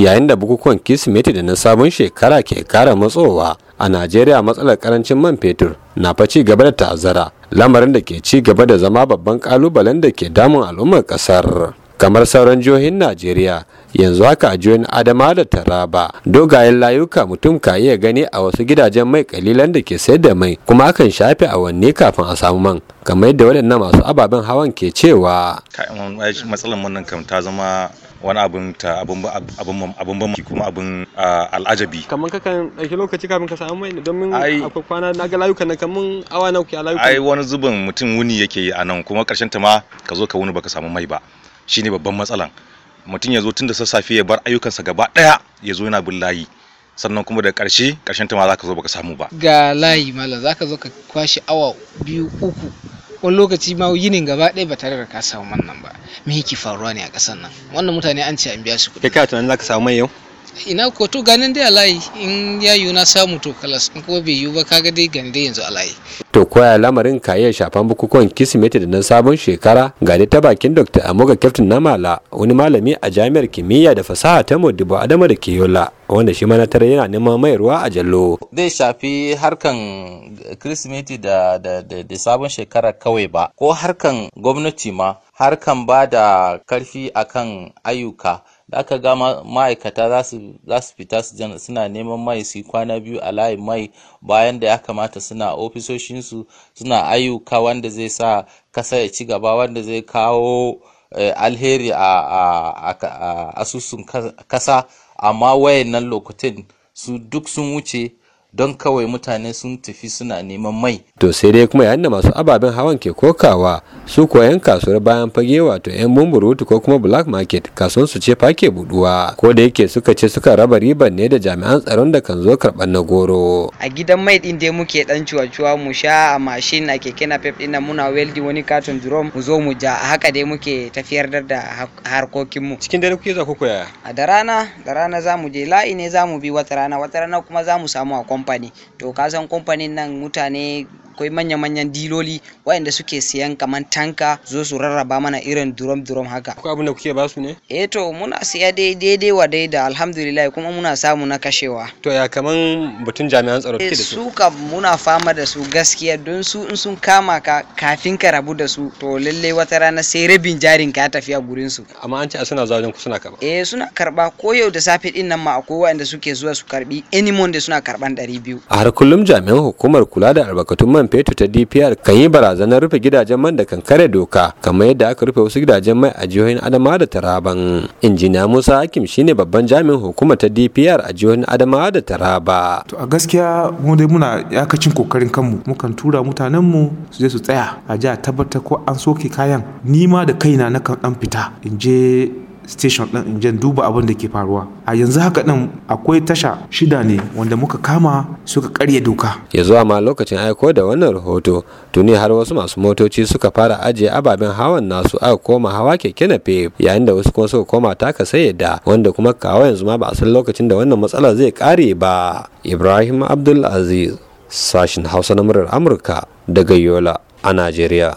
yayin da bukukuwan kirsimeti da na sabon shekara ke kara matsowa a najeriya matsalar karancin man fetur na fa ci gaba da ta'azara, lamarin da ke ci gaba da zama babban kalubalen da ke damun al'ummar kasar kamar sauran jihohin najeriya yanzu haka a jihohin adama da taraba dogayen layuka mutum ka iya gani a wasu gidajen mai kalilan da ke sayar da mai kuma akan shafe awanni kafin a samu man kamar yadda waɗannan masu ababen hawan ke cewa matsalar ta zama wani abun ta abun abun abun kuma abun al'ajabi kaman kakan ɗauki lokaci kafin ka samu mai domin akwai kwana na ga layukan na kaman awa na kuke a layukan ai wani zubin mutum wuni yake yi a nan kuma karshen ta ma ka zo ka wuni baka samu mai ba shine babban matsalan mutum ya zo tun da sassafe ya bar ayyukansa gaba ɗaya ya zo yana bin layi sannan kuma da ƙarshe ƙarshen ta ma za ka zo baka samu ba ga layi malam za ka zo ka kwashi awa biyu uku wani lokaci ma yinin gaba ɗaya ba tare da ka samu wannan ba me yake faruwa ne a ƙasar nan wannan mutane an ce an biya su kuɗi kai ka tunanin za ka samu mai yau ina ko to ganin dai alayi in ya yiwu na samu to kalas in kuma bai yiwu ba kaga dai ganin dai yanzu alayi to koya lamarin ka iya shafan bukukuwan kismeti da na sabon shekara ga dai ta bakin dr amoga kyaftin na wani malami a jami'ar kimiyya da fasaha ta modibo adama da keyola wanda shi manatar yana neman mayarwa a jallo zai shafi harkan kirsimeti da, da, da, da sabon shekara kawai ba ko harkan gwamnati ma harkan ba da karfi akan ayyuka da aka ga ma'aikata za su fita su suna neman mai su kwana biyu a layin mai bayan da ya kamata suna ofisoshinsu suna ayyuka wanda zai sa kasa ya ci gaba wanda zai kawo eh, alheri a asusun kasa amma wayannan lokutan su duk sun wuce don kawai mutane sun tafi suna neman mai. To sai dai kuma yayin da masu ababen hawan ke kokawa su ko yan kasuwar bayan fage wato yan bumburutu ko kuma black market kasuwan su ce fake buduwa ko da yake suka ce suka raba riban ne da jami'an tsaron da kan zo karban na goro. A gidan mai din dai muke dan cuwa-cuwa mu sha a mashin a keke na pep din muna weldi wani katon drum mu zo mu ja a haka dai muke tafiyar da harkokin mu. Cikin dare kuke za ku koya? A da rana da rana za mu je layi ne za mu bi wata rana wata rana kuma za mu samu a kamfani to ka san kamfanin nan mutane akwai manya-manyan diloli wayanda suke siyan kaman tanka zo su rarraba mana irin durom durom haka Ko abin kuke ba su ne eh to muna siya daidai wa daida alhamdulillah kuma muna samu na kashewa to ya kaman batun jami'an tsaro da su eh, muna fama da su gaskiya don su in sun kama ka kafin ka rabu da su to lallai wata rana sai rabin jarin ka tafiya gurin su amma an ce suna zuwa ku suna karba eh suna karba ko yau da safe din nan ma akwai waɗanda suke zuwa su karbi any monday suna karban 200 a har kullum jami'an hukumar kula da albarkatun man fetur ta DPR kan yi barazanar rufe gidajen man da kan kare doka kamar yadda aka rufe wasu gidajen mai a jihohin adama da Taraban. Injiniya Musa Hakim shine babban jami'in hukumar ta DPR a jihohin Adamawa da Taraba. To a gaskiya mu dai muna yakacin kokarin kanmu mukan tura mutanen mu su je su tsaya a ji a tabbatar ko an soke kayan nima ma da kaina nakan dan fita in je station ɗin in jan duba abin da ke faruwa a yanzu haka ɗin akwai tasha shida ne wanda muka kama suka karya doka ya zuwa ma lokacin aiko da wannan rahoto tuni har wasu masu motoci suka fara ajiye ababen hawan nasu aka koma hawa keke na yayin da wasu kuma suka koma taka sayyada wanda kuma kawo yanzu ma ba a san lokacin da wannan matsala zai kare ba ibrahim abdul aziz sashin hausa na murar amurka daga yola a najeriya